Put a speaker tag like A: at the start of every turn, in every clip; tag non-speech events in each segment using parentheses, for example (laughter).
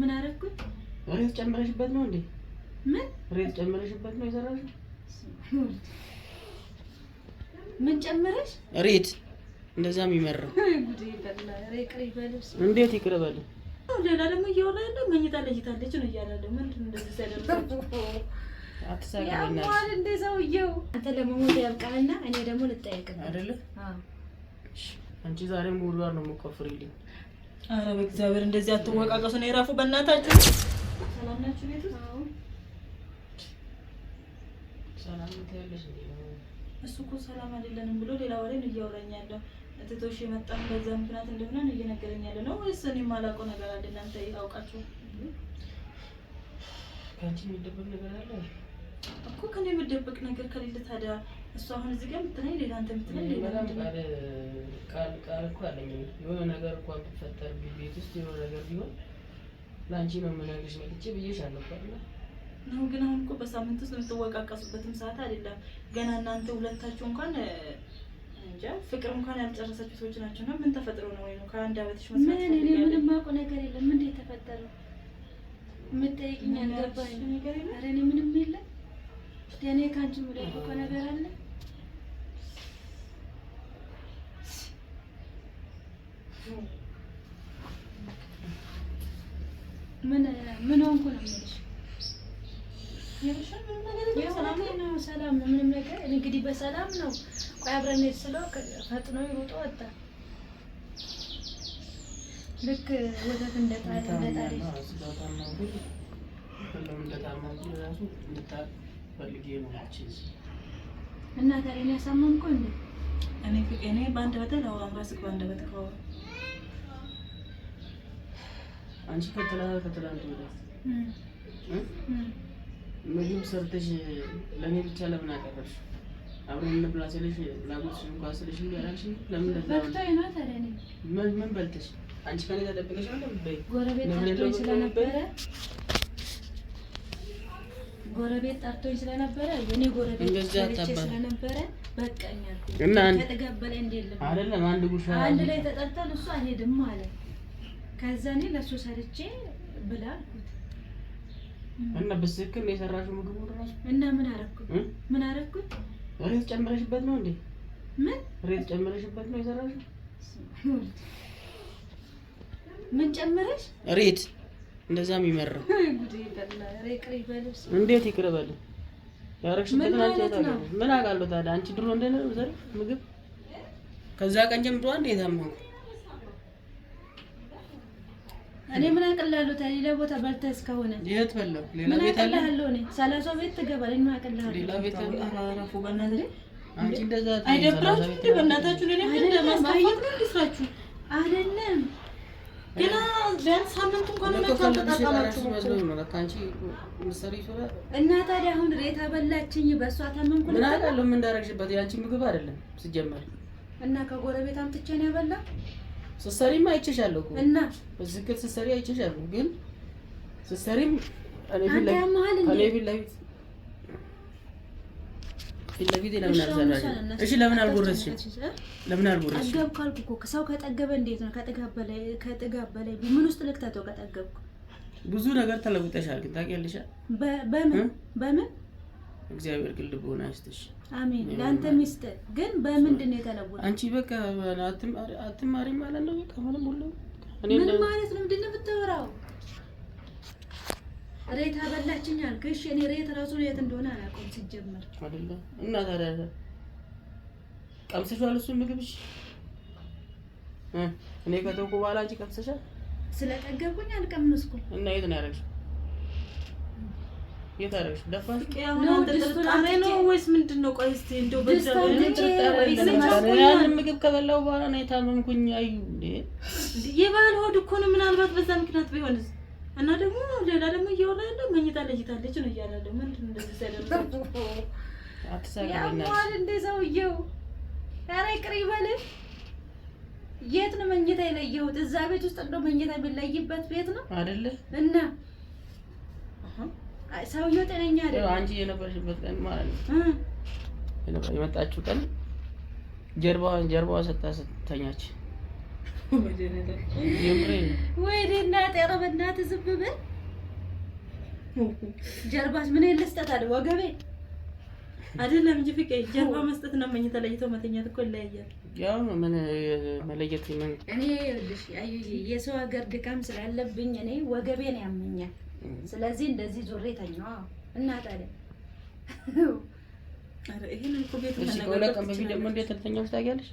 A: ምን አደረኩኝ?
B: ሬት ጨምረሽበት ነው እንዴ? ምን ሬት ጨምረሽበት ነው የሰራሽው?
A: ምን ጨምረሽ?
B: ሬት እንደዛ የሚመረው እንዴት ይቅር በል።
A: ሌላ ደግሞ እያወራ ያለው መኝታ ለይታለች ነው እያለ ነው። ምንድን እንደዚህ ያሟል እንደ ሰውዬው። አንተ ለመሞት ያብቃህና እኔ ደግሞ ልጠየቅ
B: ነው አይደለ? አንቺ ዛሬም ጉድጓድ ነው የምትቆፍሪልኝ
A: አረ በእግዚአብሔር እንደዚህ አትወቃቀሱ ነው የራፉ በእናታችሁ። ሰላም ናችሁ? ቤት ውስጥ እሱ እኮ ሰላም አይደለንም ብሎ ሌላ ወሬን እያወራኝ ያለው እትቶሽ የመጣን በዛ ምክንያት እንደሆነ እየነገረኝ ያለ ነው ወይስ እኔ የማላውቀው ነገር አለ? እናንተ አውቃችሁ
B: ከአንቺ የሚደበቅ ነገር አለ
A: እኮ ከኔ የሚደበቅ ነገር ከሌለ ታዲያ እሱ አሁን እዚህ ጋር ምትለኝ ሌላ አንተ
B: ሌላ ቃል ቃል እኮ አለኝ። የሆነ ነገር እኮ ቤት ውስጥ የሆነ ነገር ቢሆን ለአንቺ ነው የምነግርሽ መጥቼ ነው።
A: ግን አሁን እኮ በሳምንት ውስጥ የምትወቃቀሱበትም ሰዓት አይደለም። ገና እናንተ ሁለታችሁ እንኳን እንጃ ፍቅር እንኳን ያልጨረሳችሁ ሰዎች ናቸው። እና ምን ተፈጥሮ ነው ወይ ከአንድ መስማት ምን እኔ ምንም የማውቀው ነገር የለም። ምን እንደተፈጠረ የምትጠይቂኝ አልገባኝ ነገር ኧረ እኔ ምንም የለም ለእኔ ከአንቺ የምደብቀ ነገር አለ? ምን ምን ሆንኩ ነው የምልሽ? ሰላም ነው፣ ምንም ነገር እንግዲህ በሰላም ነው። ቆይ አብረን ስለው ፈጥኖ ይሮጦ ወጣ። ልክ ወተት
B: እንደጣለ እንደጣለ ፈልጌ ነው ያቺን
A: እና ታሪን ያሳመምኩ እንዴ እኔ ፍቄ እኔ በአንድ በተል አሁ አምራስ በአንድ በተል
B: አንቺ ከተላ ከተላንድ ወደ ምግብ ሰርተሽ ለእኔ ብቻ ለምን አቀረብሽ? አብረን እንብላ ስልሽ ላጎትሽ እንኳን ስልሽ ያላልሽ
A: ለምን ለዛ
B: ምን ምን በልተሽ አንቺ ከኔ ተደብቀሽ ነው ለምን በይ
A: ጎረቤት ስለነበረ ጎረቤት ጠርቶኝ ስለነበረ የኔ ጎረቤት ስለነበረ በቃኛል። ከጥጋብ በላይ እንደለም
B: አይደለም። አንድ ጉሽ
A: አንድ ላይ ተጠርተን እሱ አልሄድም አለ። ከዛ እኔ ለሱ ሰርቼ ብላ አልኩት
B: እና በስክል የሰራሽው ምግብ ራሱ
A: እና ምን አረኩት? ምን አረኩት?
B: ሬት ጨምረሽበት ነው እንዴ? ምን ሬት ጨምረሽበት ነው የሰራሽው?
A: ምን ጨምረሽ
B: ሬት እንደዛም ይመረው እንዴት ይቅርበል? ያረግሽበት
A: ምን አውቃለሁ ታዲያ።
B: አንቺ ድሮ እንደነበረ ምግብ ከዛ ቀን ጀምሮ አንዴ የታመንኩ
A: እኔ ምን አውቅልሃለሁ ታዲያ። ሌላ ቦታ በልተህ እስከሆነ የት በላሁ? ሌላ ቤት አለ እኔ ሰላሳ ቤት ትገባለህ። ምን አውቅልሃለሁ? ሌላ ቤት አለ። አራራፉ በእናትህ አንቺ እንደዛ አይደብራችሁ? በእናታችሁ ለኔ እንደማስታወቅ ነው ልስራችሁ አይደለም እና ታዲያ አሁን የተበላችኝ በእሷ ታመምኩ።
B: ምን አውቃለሁ እንዳደረግሽበት፣ የአንቺ ምግብ አይደለም ሲጀመር።
A: እና ከጎረቤት አምጥቼ ነው ያበላ።
B: ስትሰሪም አይቼሻለሁ እኮ እና በትክክል ስትሰሪ አይቼሻለሁ። ግን ስትሰሪም እኔ ፊት ለፊት ፊት ለፊት ለምን አልዘራሽም? እሺ ለምን አልጎረስሽም? ለምን አልጎረስሽም?
A: ጠገብ ካልኩ እኮ ሰው ከጠገበ እንዴት ነው? ከጥጋብ በላይ ከጥጋብ በላይ ምን ውስጥ ልክተተው? ከጠገብኩ
B: ብዙ ነገር ተለውጠሻል፣ ግን ታውቂያለሽ።
A: በምን በምን
B: እግዚአብሔር ግን ልቦና ይስጥሽ።
A: አሜን። ለአንተ ሚስት ግን በምንድን ነው የተለወጠ?
B: አንቺ በቃ አትማሪም ማለት ነው። በቃ ምንም ሁሉ
A: ምን ማለት ነው? ምንድን ነው የምታወራው? ሬት አበላችኝ አልክ። እሺ እኔ ሬት ራሱ የት እንደሆነ አላውቀውም ሲጀመር
B: አይደለ እና ታዲያ ቀምሰሻል እሱን ምግብሽ እኔ ከተውኩ በኋላ አንቺ ቀምሰሻል።
A: ስለጠገብኩኝ አልቀመስኩም።
B: እና የት ነው ያደረግሽው? የት አደረግሽው?
A: ደፋሽ ነው ወይስ ምንድን ነው? ቆይ እስኪ እንደው
B: ያንን ምግብ ከበላሁ በኋላ ነው የታመምኩኝ። አዩ
A: የባህል ሆድ እኮ ነው። ምናልባት በዛ ምክንያት ቢሆንስ እና ደግሞ ሌላ ደግሞ እያወራ ያለው መኝታ ለይታለች ነው እያለ ነው። ምንድን እንደዚህ ያሟል እንደ ሰውየው ኧረ ይቅር ይበልህ። የት ነው መኝታ የለየሁት? እዛ ቤት ውስጥ እንደው መኝታ የሚለይበት ቤት ነው አይደለ? እና ሰውየው ጤነኛ
B: አይደለም። አንቺ የነበረሽበት ቀን ማለት ነው የመጣችው ቀን ጀርባዋን ጀርባዋ ሰጣ ስተኛች
A: ወይኔ እናቴ፣ ኧረ በእናትህ ዝም ብለህ ጀርባሽ ምን ልስጠት አለ ወገቤ አይደለም እንጂ ፍቄ ጀርባ መስጠት ነው። መኝታ ለይቶ መተኛት እኮ ይለያያል።
B: ያው መለየት ምን
A: እኔ ይኸውልሽ የሰው ሀገር ድካም ስላለብኝ እኔ ያመኛል። ስለዚህ እንደዚህ ዞሬ ተኛው እና ታዲያ አረ ይሄን እኮ ቤት
B: ደግሞ እንዴት ታውቂያለሽ?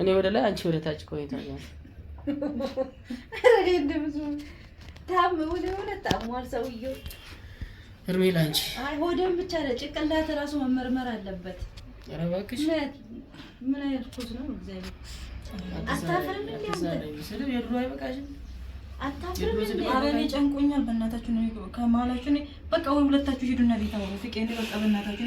B: እኔ ወደ ላይ አንቺ ወደ ታች ቆይታ ነው
A: ታሟል ሰውዬው። እድሜ ላንቺ። ብቻ አይደል ጭንቅላት እራሱ መመርመር አለበት። ኧረ እባክሽ ምን አይነት ነው? እግዚአብሔር አታፍርም ጨንቆኛል። በእናታችሁ ነው ከመሀላችሁ በቃ፣ ወይ ሁለታችሁ ሂዱና ቤት አውሩ። ፍቄ በቃ በእናታችሁ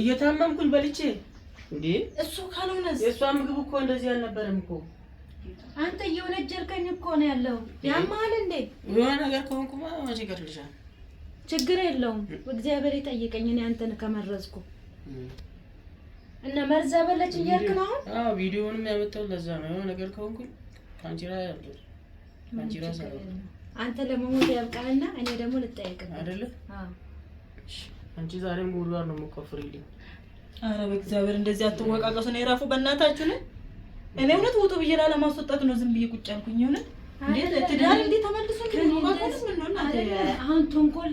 B: እየታመምኩኝ በልቼ እንዴ
A: እሱ ካልሆነ
B: የእሷ ምግብ እኮ እንደዚህ አልነበረም እኮ
A: አንተ እየወነጀልከኝ እኮ ነው ያለው። ያማል እንዴ
B: የሆነ ነገር ከሆንኩማ ችግር ልሻል
A: ችግር የለውም። እግዚአብሔር ይጠይቀኝ። እኔ አንተን ከመረዝኩ እና መርዛ በለች እያልክ ነው
B: አዎ ቪዲዮውንም ያመጣው ለዛ ነው። የሆነ ነገር ከሆንኩኝ ከአንቺ ያለ ከአንቺ ራስ
A: አንተ ለመሞት ያብቃህና እኔ ደግሞ ልጠይቅ አይደለ? አዎ
B: አንቺ ዛሬም ጉዷር ነው የምቆፍሪልኝ።
A: አረ በእግዚአብሔር እንደዚህ አትወቃቀሱ ነው የራፉ በእናታችሁ ነው። እኔ እውነት ውጡ ብዬ ላለማስወጣት ነው ዝም ብዬ ቁጭ ያልኩኝ። እውነት ትዳር እንዴ ተመልሶ አሁን ተንኮል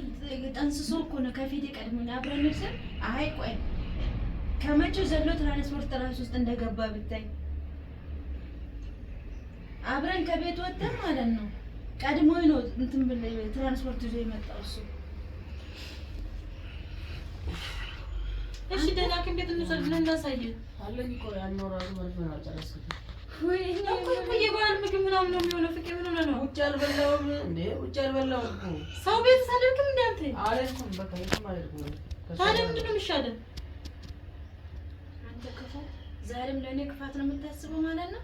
A: ጠንስሶ እኮ ነው ከፊት የቀድሞን አብረን ስል አይ ቆይ ከመቼው ዘሎ ትራንስፖርት ትራንስ ውስጥ እንደገባ ብታይ አብረን ከቤት ወጥተን ማለት ነው ቀድሞ ነው እንትን ብለ ትራንስፖርት ይዞ የመጣው እሱ እሺ ደህና ክንቤት እናሳየ
B: አለኝ እኮ ያኖራሉ ማለት ነው።
A: አልጨረስኩም የበዓል ምግብ ምናምን ነው የሚሆነው። ፍቅር ምን ሆነህ
B: ነው? ውጭ አልበላሁም እንደ ውጭ አልበላሁም
A: ሰው ቤት ሳደርግም እንደ አንተ
B: አልሄድኩም። በቃ የትም አልሄድኩም።
A: ታዲያ ምንድን ነው የሚሻለው? አንተ ክፋት ዛሬም ለእኔ ክፋት ነው የምታስበው ማለት ነው።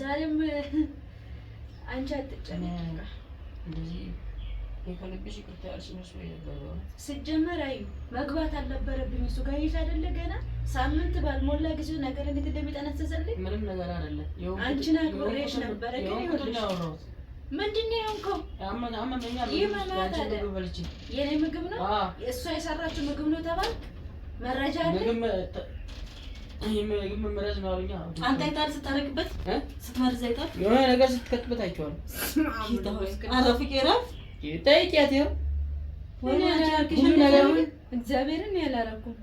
A: ዛሬም አንቺ
B: አትጨነቂ እንደዚህ ከልብሽ ይቅርታ ያልሽ መስሎኝ ነበር።
A: ስጀመር አዩ መግባት አልነበረብኝ። እሱ ጋር ይዤ አይደለ ገና ሳምንት ባልሞላ ጊዜ ነገር እንዴት እንደሚጠነሰሰልኝ
B: ምንም ነገር አይደለም።
A: አንቺን አክብሬሽ ነበረ ግን ይኸውልሽ ምንድን ነው የሆንከው? ይመናት የኔ ምግብ ነው እሷ የሰራችው ምግብ ነው ተባልክ። መረጃ አንተ አይተሃል? ስታረቅበት ስትመርዝ አይተሃል?
B: የሆነ ነገር ስትከትበት
A: አይቼዋለሁ።
B: ጠይቂያት። ይኸው
A: እግዚአብሔርን ያላረኩም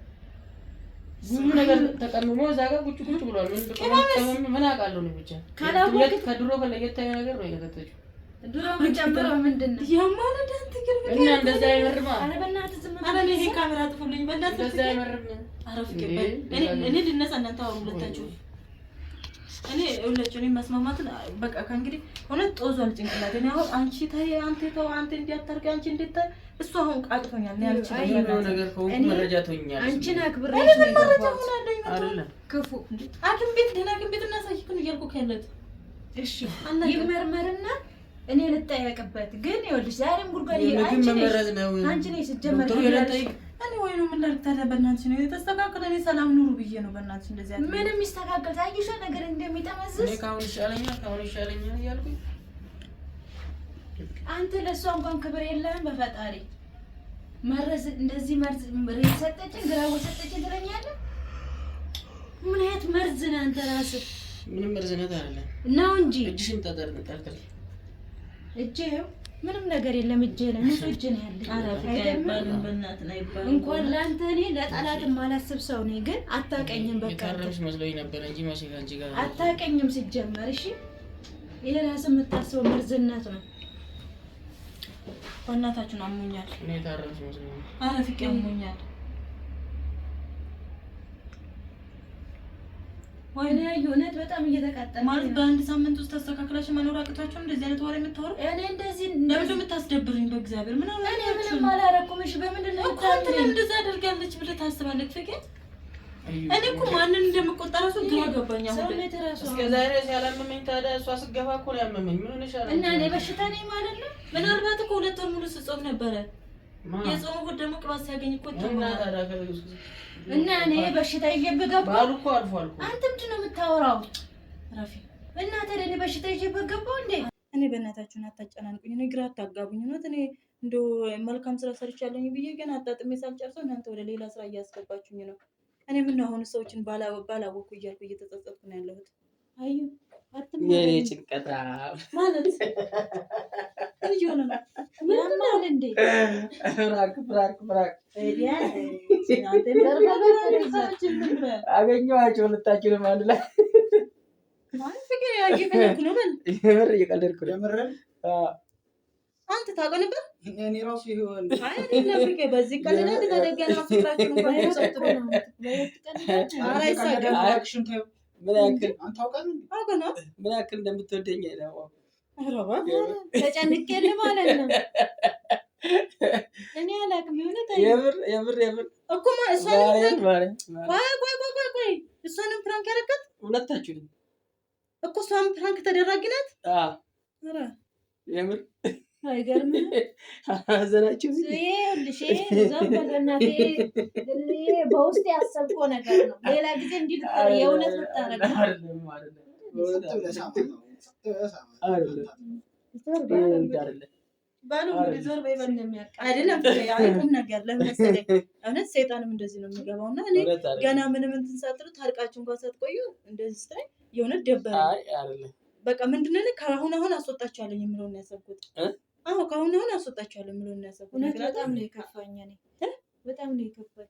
B: ብዙ ነገር ተቀምሞ እዛ ጋር ቁጭ ቁጭ ብሏል። ምን አውቃለሁ ነው ብቻ ከድሮ ከለየት ያለ ነገር ነው የከተችው።
A: ድሮ ጨምረው ምንድን ነው እና እንደዛ አይመርም። ካሜራ ጥፉልኝ። በእናትህ እንደዛ አይመርም። እኔ ልነሳ እናንተ አሁን ሁለታችሁ እኔ ሁላችሁ እኔ መስማማትን በቃ ከእንግዲህ እውነት ጦዟል ጭንቅላት። እኔ አሁን አንቺ ተይ አንተ ተው አንተ እንዲያታርቅ አንቺ እንዴት እሱ አሁን ቃቅቶኛል። እኔ ይመርመርና እኔ ልጠየቅበት ግን ይኸውልሽ ዛሬም ጉድጓድ አንቺ ነሽ አንቺ እኔ ወይ ነው ምን ታዲያ? በእናትሽ ነው የተስተካከለ። እኔ ሰላም ኑሩ ብዬ ነው በእናትሽ። እንደዚህ አይነት ምንም ይስተካከል። ታይሽ ነገር እንደሚጠመዝዝ
B: ካሁን ይሻለኛል፣ ካሁን ይሻለኛል እያልኩኝ
A: አንተ ለእሷ እንኳን ክብር የለህም። በፈጣሪ መረዝ እንደዚህ መርዝ ሬት ሰጠችን፣ ግራው ሰጠችን ትለኛለህ። ምን አይነት መርዝ ነህ አንተ ራስህ?
B: ምንም መርዝነት አይደለም ነው እንጂ እጅሽን ጠጠር ጠርጥር
A: እጄ ምንም ነገር የለም። እጄ ነው ንጹህ እጄ ነው
B: ያለኝ።
A: እንኳን ለአንተ እኔ ለጠላትም ማላስብ ሰው ነኝ፣ ግን አታቀኝም። በቃ አታቀኝም ሲጀመር። እሺ ይሄ ራስህ የምታስበው መርዝነት ነው። በእናታችን አሞኛል፣ አሞኛል የተለያዩ እውነት በጣም እየተቃጠለ ማለት በአንድ ሳምንት ውስጥ ተስተካክላችሁ መኖር አቅቷችሁ እንደዚህ አይነት ወሬ የምታወሩ እኔ እንደዚህ ለምንድን የምታስደብርኝ? በእግዚአብሔር ምን አለ እኔ ምንም አላረኩም። እሺ በምንድን ነው ታንተ እንደዛ አደርጋለች ብለህ ታስባለች ፍቅር እኔ እኮ ማንን እንደምቆጣ ራሱ ግራ ገባኝ። አሁን
B: እስከ ዛሬ ሲያላመመኝ ታዲያ እሷ ስገባ እኮ ነው ያመመኝ። ምን
A: ሆነሻል? እና እኔ በሽታ ነኝ ማለት ነው። ምናልባት እኮ ሁለት ወር ሙሉ ስጾም ነበረ የጾሙ ጉድ ደግሞ ቅባት ሲያገኝ እኮ እና እኔ በሽታ ይዤብህ ገባሁ አንተ ምንድን ነው የምታወራው? ረፊ እና እኔ በሽታ ይዤብህ ገባሁ እንዴ? እኔ በእናታችሁን አታጨናንቁኝ። እኔ ግራ አታጋቡኝ። እውነት እኔ እንደው መልካም ስራ ሰርቻለሁኝ ብዬ ገና አጣጥሜ ሳልጨርሰው እናንተ ወደ ሌላ ስራ እያስገባችሁኝ ነው። እኔ ምን አሁን ሰዎችን ባላወቅኩ እያልኩ እየተጸጸትኩ ነው ያለሁት። አዩ
B: አትም ጭንቀታ
A: ማለት ልጅ ሆነ ምንድነው
B: አገኘኋቸው አንድ ላይ የምር እየቀለድኩ ነው።
A: አንተ ታውቀው ነበር።
B: እኔ ራሱ ይሆን
A: በዚህ ምን ያክል
B: እንደምትወደኝ
A: ተጨንቄ ማለት ነው። እኔ
B: የምር የምር
A: እኮ ቆይ እሷንም ፕራንክ ያደረጋት ሁለታችሁ እኮ እሷም ፕራንክ የምር አይገርምም። በውስጥ ያሰብኮ ነገር ነው። ሌላ ጊዜ እንዲህ የእውነት ብታረግ አይደለም ነገር ለመሰለኝ እውነት ሰይጣንም እንደዚህ ነው የሚገባው። እና እኔ ገና ምንም እንትን ሳትሉ ታርቃችሁ እንኳን ሳትቆዩ እንደዚህ ስታይ የእውነት ደበረኝ። በቃ ምንድን ነው ከአሁን አሁን አስወጣችኋለሁ የምለውን ያሰብኩት። አዎ ከአሁን አሁን አስወጣችኋለሁ የምለውን ያሰብኩት። በጣም ነው የከፋኝ፣ በጣም ነው የከፋኝ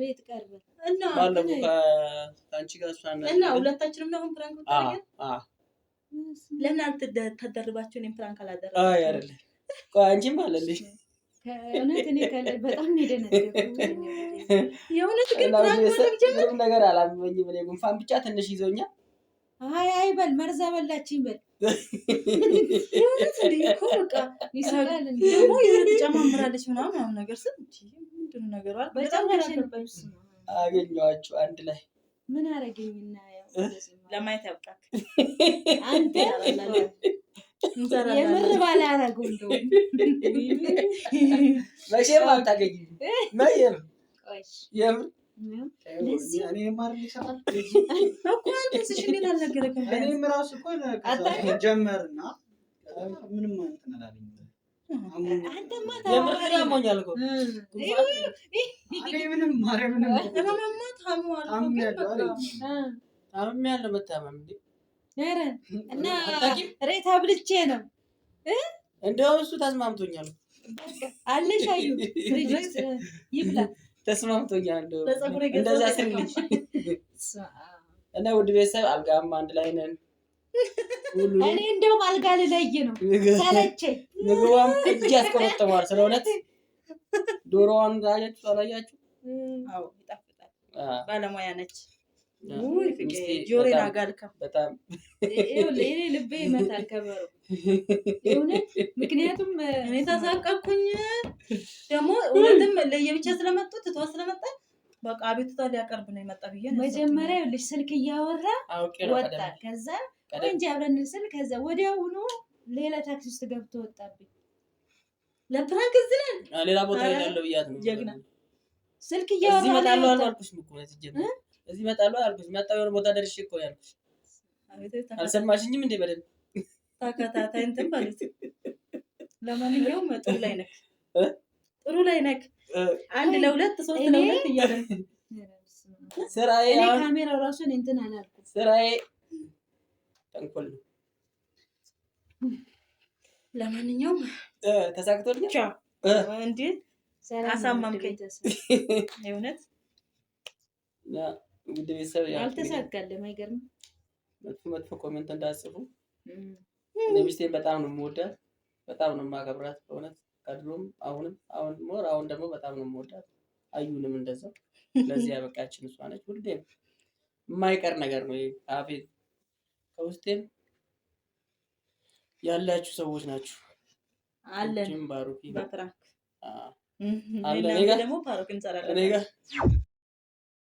A: ቤት ቀርበን
B: እና ከአንቺ ጋር
A: እና ሁለታችንም ነው አሁን
B: ፕራንክ ብታደርገን
A: ለምን አልተደርባችሁ? እኔም ፕራንክ
B: አላደረ አይደለ? አንቺም አለልሽ
A: እኔ በጣም የእውነት ግን
B: ነገር አላመኝም። እኔ ጉንፋን ብቻ ትንሽ ይዞኛል።
A: አይ አይ በል መርዛ በላችኝ በል ደግሞ የተጨማምራለች ምናምን ነገር ስል ምንድን ነው ነገሯ?
B: አገኘኋቸው አንድ ላይ
A: ምን አደረገኝና ለማየት ያብቃል። አንተ የምር ባለ አረጉ እንደው
B: መቼም አታገኝም። መየም የምር እኔም እኮ ጀመርና ምንም
A: ሬት አብልቼ ነው።
B: እንደውም እሱ ተስማምቶኛል
A: አለሽ አዩ ይብላ
B: ተስማምቶኛል። እንደዛ እና ውድ ቤተሰብ አልጋም አንድ ላይ ነን።
A: እኔ እንደውም አልጋ ልለይ ነው ሰለቸኝ።
B: ምግቧም እጅ ያስቆመጥመዋል። ስለ እውነት ዶሮዋን ላያችሁ አላያችሁ?
A: አዎ ይጣፍጣል። ባለሙያ ነች። ጆሮዬን አጋልካ በጣም እኔ ልቤ ይመታል ከበሮ የእውነት ምክንያቱም እኔ ታሳቀኩኝ። ደግሞ እውነትም ለየብቻ ስለመጡ ትቷ ስለመጣ በቃ አቤቱታ ሊያቀርብ ነው የመጣ ብዬ መጀመሪያ ልጅ ስልክ እያወራ ወጣ ከዛ እንጂ አብረን ስል ከዛ ወዲያውኑ ሌላ ታክሲ ውስጥ ገብቶ ወጣብኝ። ለፕራንክ እዚህ ነን
B: ሌላ ቦታ ሄዳለሁ ብያት ነው ጀግና ስልክ እያወራ እዚህ እመጣለሁ አልኩሽ እኮ ነው ትጀምር እዚህ እመጣለሁ አልኩሽ። መጣሁ የሆነ ቦታ ደርሼ እኮ ያልኩሽ አልሰማሽኝም እንዴ? በደንብ
A: ተከታታይ እንትን በሉት። ለማንኛውም ጥሩ ላይ ነክ ጥሩ ላይ ነክ አንድ ለሁለት ሶስት ለሁለት እያለ (laughs) ስራዬ ካሜራው ራሱን እንትን አላልኩም ስራዬ ተንኮል ነው። ለማንኛውም
B: ተሳክቶልኝ እንዲ
A: አሳማምከኝ። እውነት ውድ ቤተሰብ አልተሳካልም። አይገርም።
B: መጥፎ መጥፎ ኮሜንት እንዳጽፉ። ሚስቴን በጣም ነው የምወዳት፣ በጣም ነው የማከብራት። በእውነት ቀድሎም አሁንም አሁን ሞር አሁን ደግሞ በጣም ነው የምወዳት። አዩንም እንደዛው። ለዚህ ያበቃችን እሷ ነች። ሁሌም የማይቀር ነገር ነው አቤት ከውስጤም ያላችሁ ሰዎች ናችሁ። አለን ባሩክ